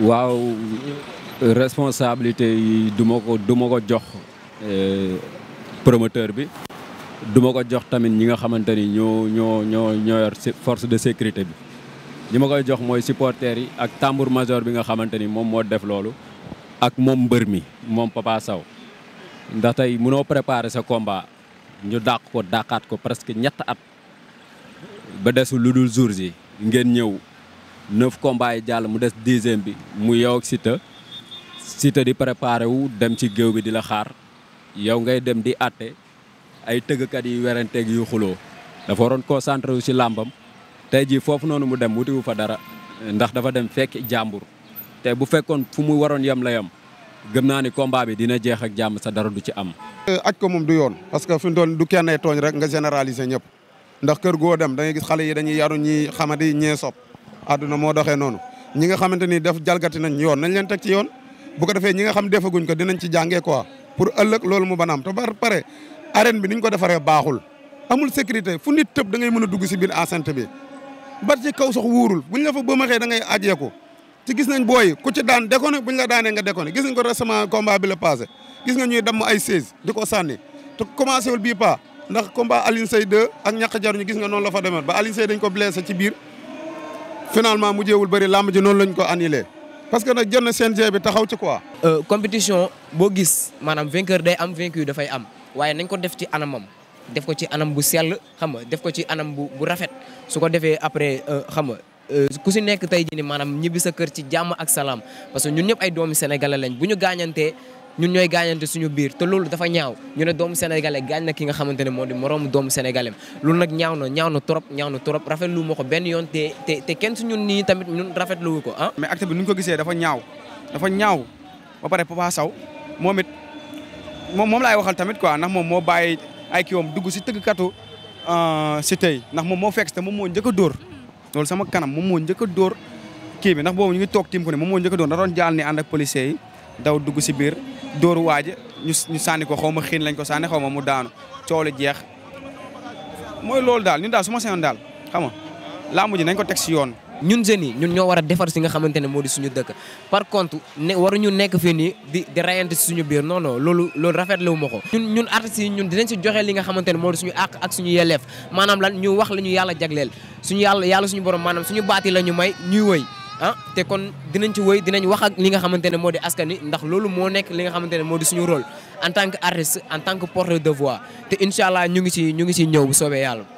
waaw responsabilité yi du ko du ma ko jox euh, promoteur bi duma ko jox tamit ñi nga xamante ni ñoo ñoo ñoo ñoo force de sécurité bi li ma koy jox mooy supporters yi ak tambour major bi nga xamante ni moom moo def loolu ak moom mbër mi moom Papa Sow ndax tey mënoo préparer sa combat ñu dàq ko dàqaat ko presque ñett at ba desu lu dul jours yi ngeen ñëw 9 combat yi jàll mu des dixième bi mu yow ak cité cité di préparer wu dem ci géew bi di la xaar yow ngay dem di atté ay kat yi ak yu da fa ron concentré wu ci lambam tay ji fofu nonu mu dem wu fa dara ndax dafa dem fekk jambour te bu fekkon fu mu waron yam la yam gëm ni combat bi dina jeex ak jamm sa dara du ci am. Euh, acc ko mum du yoon parce que fu ndon du kenn togn rek nga généraliser ñep ndax kër go dem da ngay gis xalé yi dañuy yaru ñi xamadi ñee sop àdduna moo doxee nono. ñi nga xamante ni def jalgati nañ yoon nañ leen yon. ci yoon bu ko defee ñi nga xam defaguñ ko dinañ ci jàngee quoi pour ëllëg loolu mu banaam te ba pare arène bi niñ ko defaree baaxul amul sécurité fu nit tëb da ngay sibil a dugg si biir enceinte bi ba ci kaw sax wuurul buñ la fa bëmaxee da ngay ajeeku ci gis nañ booy ku ci daan déconné buñ la daanee nga déconné gis nañ ko récemment combat bi la passé gis nga ñuy damm ay seize di ko sànni commencé wul ndax combat 2 ak gis nga la fa ba Alioune Seye dañ ko blessé ci finalement mujjeewul bari lamb ji non lañ ko annulé parce que nak jonne CNG bi taxaw ci quoi. Euh, compétition bo gis manam vainqueur day am vaincu fay am waye nañ ko def ci anamam def ko ci anam bu sel xam nga def ko ci anam bu bu rafet su ko après euh, xam nga euh, ku ni sa ci ak Salam. parce que ñun ay doomi sénégalais lañ ñun ñooy gaañante suñu biir te loolu dafa ñaaw ñu ne doomu sénégalais gaañ na ki nga xamante ne moo di moroomu doomu sénégalais loolu nag ñaaw na ñaaw na trop ñaaw na trop rafetlu ma ko benn yoon te te te kenn suñu nii tamit ñun rafetluwu ko ah mais acte bi nu ñu ko gisee dafa ñaaw dafa ñaaw ba pare Papa Sow moom it moom moom laay waxal tamit quoi ndax moom moo bàyyi ay kiwam dugg si tëggkatu euh, si tey ndax moom moo fekk te moom moo njëkk a dóor loolu sama kanam moom moo njëkk a dóor kii bi ndax boobu ñu ngi toog tiim a dóor jaal ni ànd ak yi daw dugg si biir dóoru waaja ñu ñu sànni ko xaw ma xiin lañ ko sànni xaw ma mu daanu coow li jeex mooy loolu daal ñun daal su ma seenoon daal xam nga làmb ji nañ ko teg si yoon. ñun jeunes yi ñun ñoo war a defar si nga xamante ne moo di suñu dëkk par contre ne ñu nekk fii nii di di rayante si suñu biir non loolu loolu rafetlu wu ma ko. ñun ñun artistes yi ñun dinañ si joxe li nga xamante ne moo di suñu àq ak suñu yelleef maanaam lan ñu wax la ñu yàlla jagleel suñu yàlla suñu borom maanaam suñu baat yi la ñu may ñuy woy ah te kon dinañ ci woy dinañ wax ak li nga xamante ne moo di askan wi ndax loolu moo nekk li nga xamante ne moo di suñu en tant que artiste en tant que porteur de voix te incha ñu ngi ci ñu ngi ci ñëw bu soobee yàlla